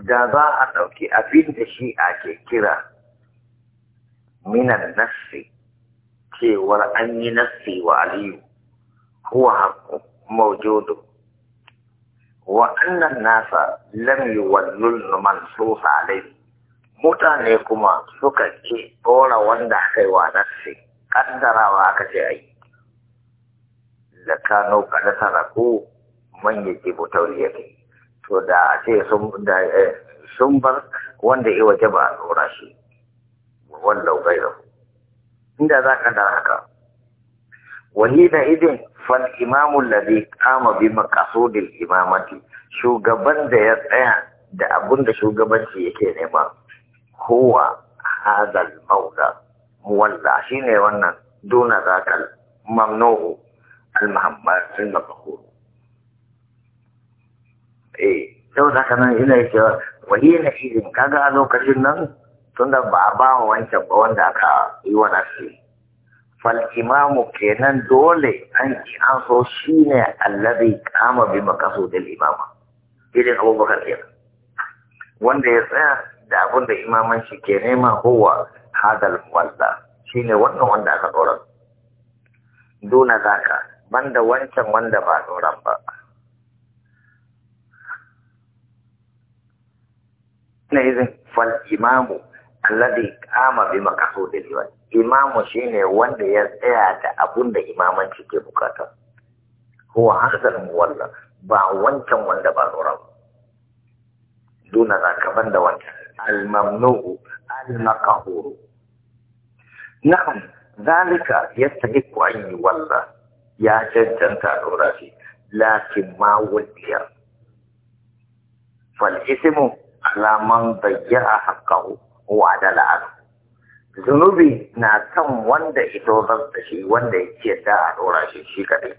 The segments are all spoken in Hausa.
da za a ɗauki abin da shi ake kira minan nassi cewar an yi nassi wa aliyu huwa haƙƙun maujudu wa annan nasa lam yuwallul mansusa alai mutane kuma suka ke ɗora wanda aka yi wa nassi wa aka ce ai da kano kada taraku man yake butau yake to da a ce eh, sun bar wanda ya waje ba a tsora shi wanda gai da inda za ka da haka Wani da idin fal imamu ladhi kama bi maqasudil imamati shugaban da ya tsaya da abun da shugabanci yake nema kowa hadal mawla muwalla shine wannan duna zakal mamnuhu al muhammad al eh saboda haka nan ina cewa wani na izin kaga a lokacin nan tunda ba a ba wa wancan ba wanda aka yi wa nasi fal imamu kenan dole an ki an so ne allabi kama bi da imama irin abubakar kenan wanda ya tsaya da abin da imaman shi ke nema kowa hadal shi shine wannan wanda aka tsoron duna zaka banda wancan wanda ba tsoron ba izin fal imamu alladhi qama bi maqsudil liwan imamu shine wanda ya tsaya da abun da imamanci ke bukata huwa hasan Walla ba wancan wanda ba zura duna zaka banda wanda al mamnu al maqhur na'am zalika yastahiqu an yuwalla ya cancanta dora shi lakin ma wudiya fal ismu alaman bayyana haƙƙahu wa da an zunubi na kan wanda ito da shi wanda ya ce da a ɗora shi shi kaɗai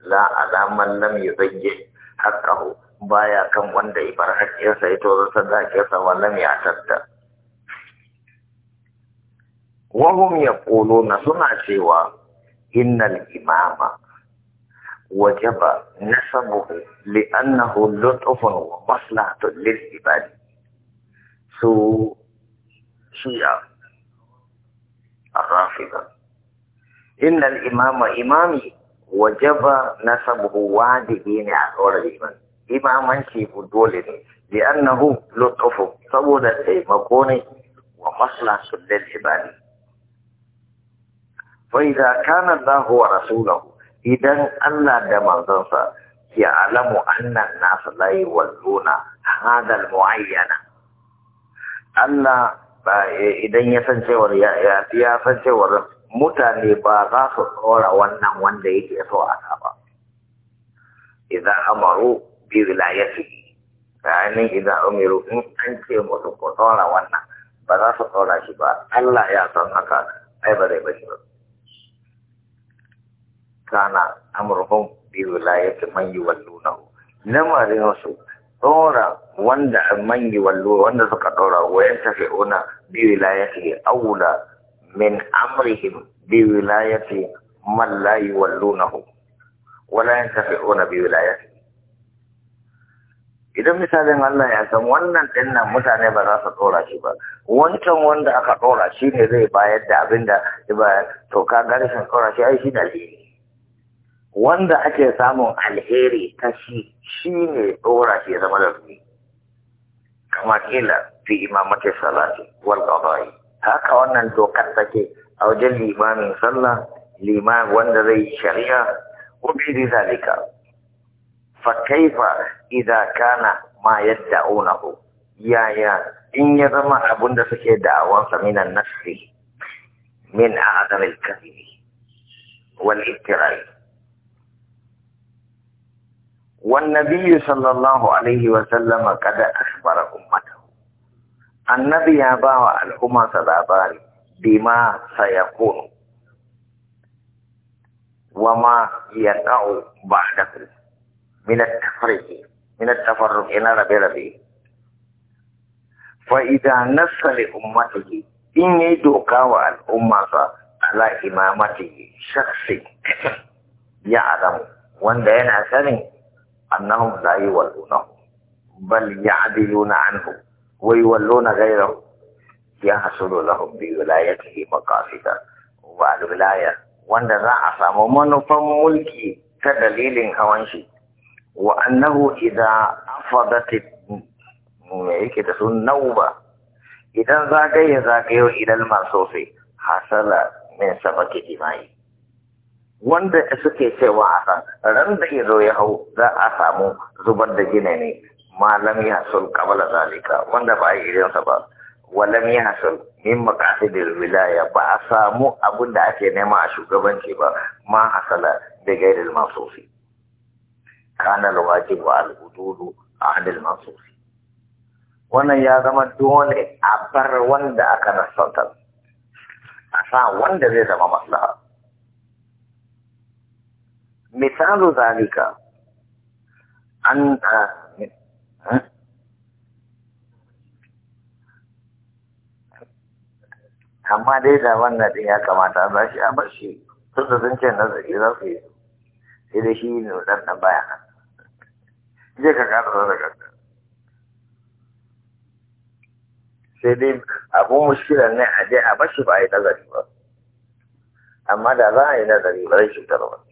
la alaman nan ya zayye haƙƙahu baya kan wanda ya bar haƙƙinsa ya a da haƙƙinsa wannan ya tattar wahum ya na suna cewa innal imama وجب نسبه لأنه لطف ومصلحة للعباد سو شيعة الرافضة إن الإمام إمامي وجب نسبه واجبين على الإمام إمام أنشي بدولني لأنه لطف صبودا مكوني ومصلحة للعباد فإذا كان الله ورسوله idan Allah da manzansa ya alamu annan nasu layi walluna hadal muayyana Allah idan ya san cewar ya san cewar mutane ba za su tsora wannan wanda yake so a ba idan amaru bi wilayati ranar idan umiru in an ce musu ku tsora wannan ba za su tsora shi ba Allah ya san haka ai ba zai bashi ba kana amurhum bi wilayati man na lamarin su dora wanda man yuwallu wanda suka dora wayan tafi tafi'una bi wilayati aula min amrihim bi wilayati man la yuwallunahu wala yantafi'una bi wilayati idan misalin Allah ya san wannan ɗin nan mutane ba za su ɗora shi ba wancan wanda aka ɗora shi ne zai bayar da abin da ba to ka ga rashin ɗora shi ai shi dalili wanda ake samun alheri ta shi shi ne ɗora shi ya zama da rufi kama kila fi imamatin salati wal qada'i haka wannan dokar take a wajen limamin sallah liman wanda zai shari'a ko bi da zalika fa kaifa idza kana ma yad'unahu ya in ya zama abunda suke da'awan sa minan nafsi min a'damil kafiri wal ittira'i والنبي صلى الله عليه وسلم قد أخبر أمته النبي يباوى الأمة الأباري بما سيكون وما يقع بعده من التفريق من التفرق إلى ربي ربي فإذا نص لأمته إن يدوك والأمة على إمامته شخص يعلم وأن أنا سنين annahum la yuwalluna bal ya'diluna anhu wa yuwalluna ghayrahu hasulu lahum bi wilayatihi maqasida wa wilaya wanda za a samu manufan mulki ta dalilin hawan shi wa annahu idza afadat me yake da sun nauba idan zagaye zagayo idan masu hasala min sabaki imani wanda suke cewa a san ran da zo ya hau za a samu zubar da gina ne malam ya sul kabala zalika wanda ba a yi irinsa ba walam ya sul min maqasidil wilaya ba a samu abin da ake nema a shugabanci ba ma hasala da gairil masufi kana alwajibu al hududu adil masufi wannan ya zama dole a bar wanda aka nasanta a sa wanda zai zama maslaha misalu ذلك an amma dai da wannan din ya kamata za shi a bashi tun da sun ce nazari za su yi sai da shi ne dan dan baya je ka kasa da kanka sai dai abun mushkilar ne a je a bashi ba a yi nazari ba amma da za a yi nazari ba zai cutar ba